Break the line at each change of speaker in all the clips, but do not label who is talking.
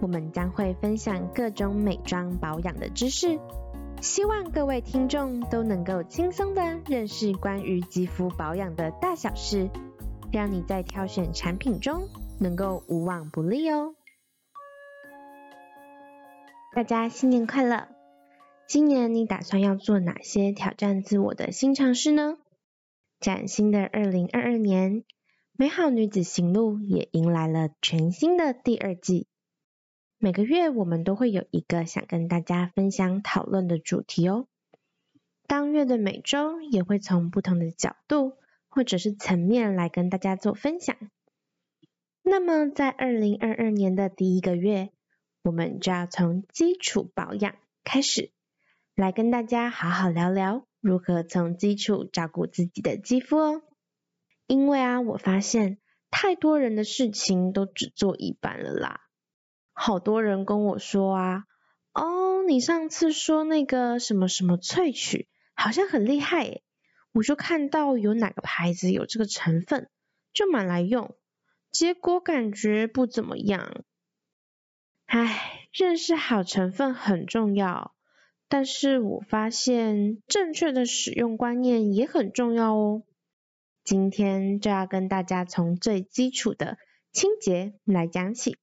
我們將會分享各種美妝保養的知識，希望各位聽眾都能夠輕鬆地認識關於肌膚保養的大小事，讓你在挑選產品中能夠無往不利哦。大家新年快樂！今年你打算要做哪些挑戰自我的新嘗試呢？嶄新的二零二二年，玫好女子型錄也迎來了全新的第二季。每個月我們都會有一個想跟大家分享討論的主題哦。當月的每周也會從不同的角度或者是層面來跟大家做分享。那麼在二零二二年的第一個月，我們就要從基礎保養開始，來跟大家好好聊聊如何從基礎照顧自己的肌膚哦。因為啊，我發現太多人的事情都只做一半了啦。好多人跟我說啊，哦，你上次說那個什麼什麼萃取，好像很厲害誒，我就看到有哪個牌子有這個成分，就買來用，結果感覺不怎麼樣，唉，認識好成分很重要，但是我發現正確的使用觀念也很重要哦。今天就要跟大家從最基礎的清潔來講起。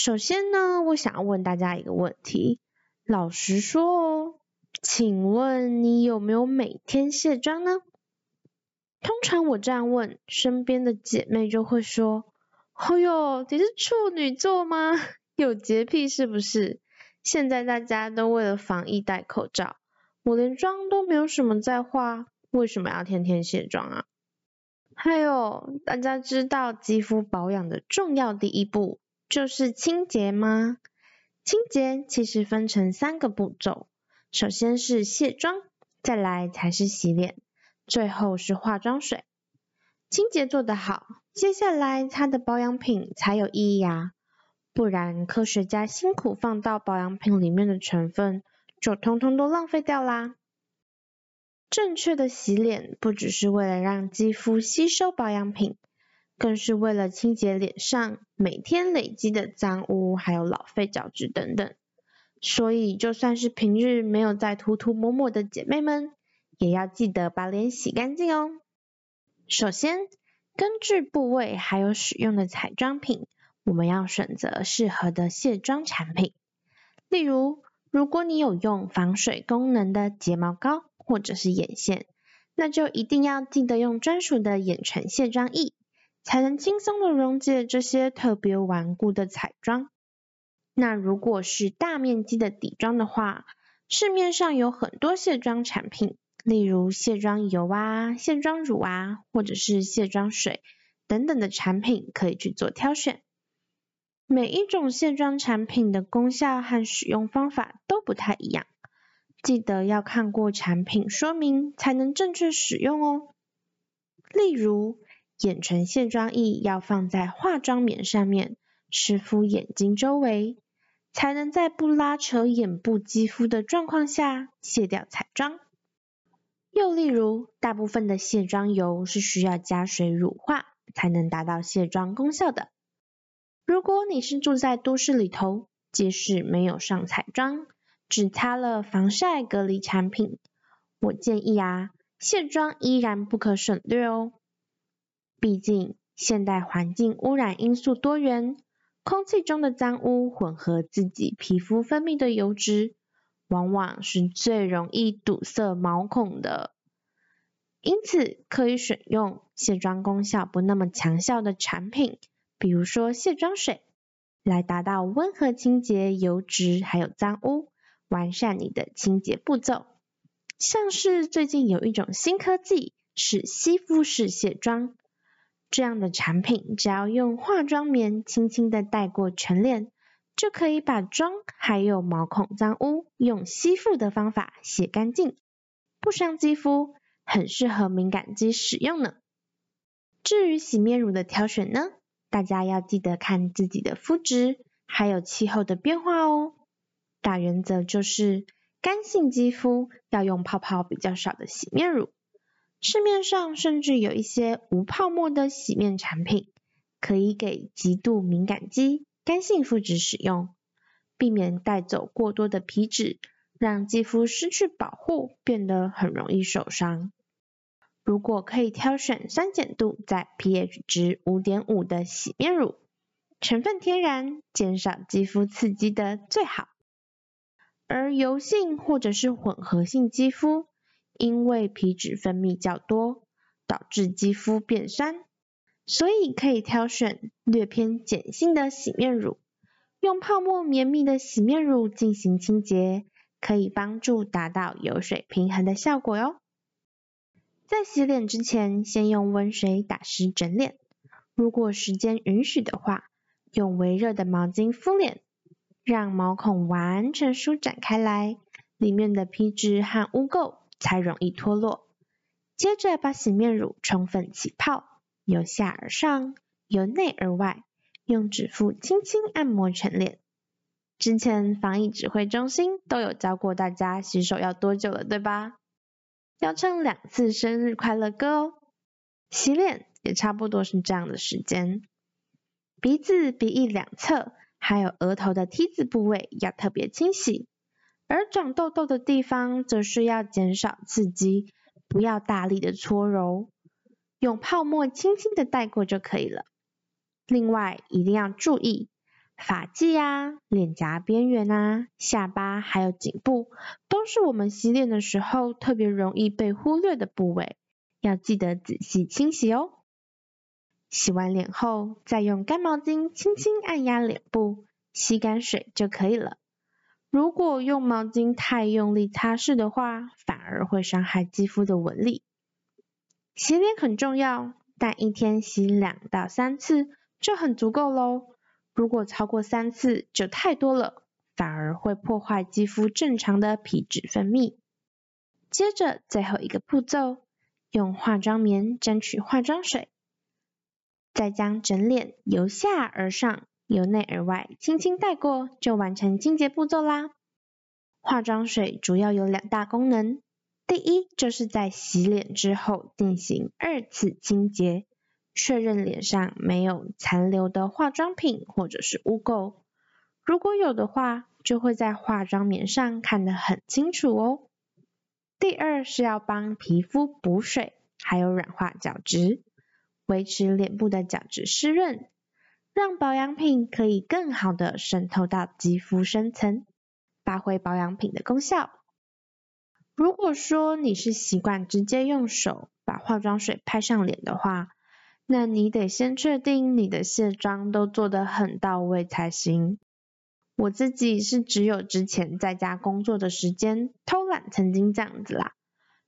首先呢，我想要問大家一個問題，老實說哦，請問你有沒有每天卸妝呢？通常我這樣問，身邊的姐妹就會說，哦喲，你是處女座嗎？有潔癖是不是？現在大家都為了防疫戴口罩，我連妝都沒有什麼在化，為什麼要天天卸妝啊？還有，大家知道肌膚保養的重要第一步，就是清潔嗎？清潔其實分成三個步驟，首先是卸妝，再來才是洗臉，最後是化妝水。清潔做得好，接下來它的保養品才有意義呀、啊。不然科學家辛苦放到保養品裡面的成分，就通通都浪費掉啦。正確的洗臉不只是為了讓肌膚吸收保養品。更是為了清潔臉上每天累積的髒污，還有老廢角質等等，所以就算是平日沒有在塗塗抹抹的姐妹們，也要記得把臉洗乾淨哦。首先，根據部位還有使用的彩妝品，我們要選擇適合的卸妝產品。例如，如果你有用防水功能的睫毛膏或者是眼線，那就一定要記得用專屬的眼唇卸妝液。才能輕鬆的溶解這些特別頑固的彩妝。那如果是大面積的底妝的話，市面上有很多卸妝產品，例如卸妝油啊、卸妝乳啊，或者是卸妝水等等的產品可以去做挑選。每一種卸妝產品的功效和使用方法都不太一樣，記得要看過產品說明才能正確使用哦。例如，眼唇卸妝液要放在化妝棉上面，濕敷眼睛周圍，才能在不拉扯眼部肌膚的狀況下卸掉彩妝。又例如，大部分的卸妝油是需要加水乳化，才能達到卸妝功效的。如果你是住在都市裡頭，即使沒有上彩妝，只擦了防曬隔離產品，我建議啊，卸妝依然不可省略哦。畢竟，現代環境污染因素多元，空氣中的髒污混合自己皮膚分泌的油脂，往往是最容易堵塞毛孔的。因此，可以選用卸妝功效不那麼強效的產品，比如說卸妝水，來達到溫和清潔油脂還有髒污，完善你的清潔步驟。像是最近有一種新科技，是吸附式卸妝。這樣的產品，只要用化妝棉輕輕的帶過全臉，就可以把妝還有毛孔髒污，用吸附的方法洗乾淨，不傷肌膚，很適合敏感肌使用呢。至於洗面乳的挑選呢，大家要記得看自己的膚質，還有氣候的變化哦。大原則就是，乾性肌膚要用泡泡比較少的洗面乳。市面上甚至有一些無泡沫的洗面產品，可以給極度敏感肌、乾性膚質使用，避免帶走過多的皮脂，讓肌膚失去保護，變得很容易受傷。如果可以挑選酸鹼度在 pH 值5.5的洗面乳，成分天然，減少肌膚刺激的最好。而油性或者是混合性肌膚，因為皮脂分泌較多，導致肌膚變酸，所以可以挑選略偏鹼性的洗面乳，用泡沫綿密的洗面乳進行清潔，可以幫助達到油水平衡的效果喲。在洗臉之前，先用溫水打濕整臉，如果時間允許的話，用微熱的毛巾敷臉，讓毛孔完全舒展開來，裡面的皮脂和污垢。才容易脫落。接着把洗面乳充分起泡，由下而上，由內而外，用指腹輕輕按摩全臉。之前防疫指揮中心都有教過大家洗手要多久了，對吧？要唱兩次生日快樂歌哦。洗臉也差不多是這樣的時間。鼻子、鼻翼兩側，還有額頭的 T 字部位要特別清洗。而長痘痘的地方，則是要減少刺激，不要大力的搓揉，用泡沫輕輕的帶過就可以了。另外，一定要注意，髮際啊、臉頰邊緣啊、下巴還有頸部，都是我們洗臉的時候特別容易被忽略的部位，要記得仔細清洗哦。洗完臉後，再用乾毛巾輕輕按壓臉部，吸乾水就可以了。如果用毛巾太用力擦拭的話，反而會傷害肌膚的紋理。洗臉很重要，但一天洗兩到三次就很足夠嘍。如果超過三次就太多了，反而會破壞肌膚正常的皮脂分泌。接着最後一個步驟，用化妝棉沾取化妝水，再將整臉由下而上。由內而外，輕輕帶過就完成清潔步驟啦。化妝水主要有兩大功能，第一就是在洗臉之後進行二次清潔，確認臉上沒有殘留的化妝品或者是污垢，如果有的話，就會在化妝棉上看得很清楚哦。第二是要幫皮膚補水，還有軟化角質，維持臉部的角質濕潤。讓保養品可以更好的滲透到肌膚深層，發揮保養品的功效。如果說你是習慣直接用手把化妝水拍上臉的話，那你得先確定你的卸妝都做得很到位才行。我自己是只有之前在家工作的時間偷懶曾經這樣子啦，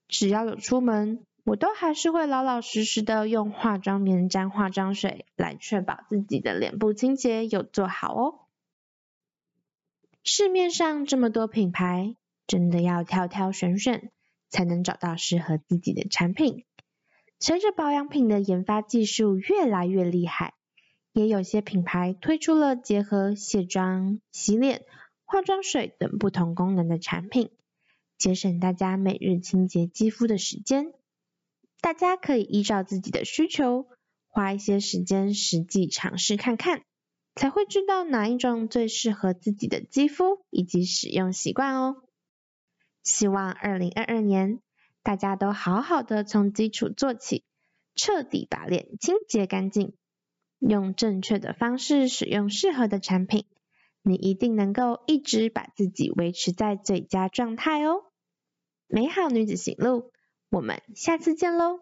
只要有出門。我都還是會老老實實的用化妝棉沾化妝水來確保自己的臉部清潔有做好哦。市面上這麼多品牌，真的要挑挑選選才能找到適合自己的產品。隨着保養品的研發技術越來越厲害，也有些品牌推出了結合卸妝、洗臉、化妝水等不同功能的產品，節省大家每日清潔肌膚的時間。大家可以依照自己的需求，花一些時間實際嘗試看看，才會知道哪一種最適合自己的肌膚以及使用習慣哦。希望2022年，大家都好好的從基礎做起，徹底把臉清潔乾淨，用正確的方式使用適合的產品，你一定能夠一直把自己維持在最佳狀態哦。玫好女子型錄。我們下次見嘍！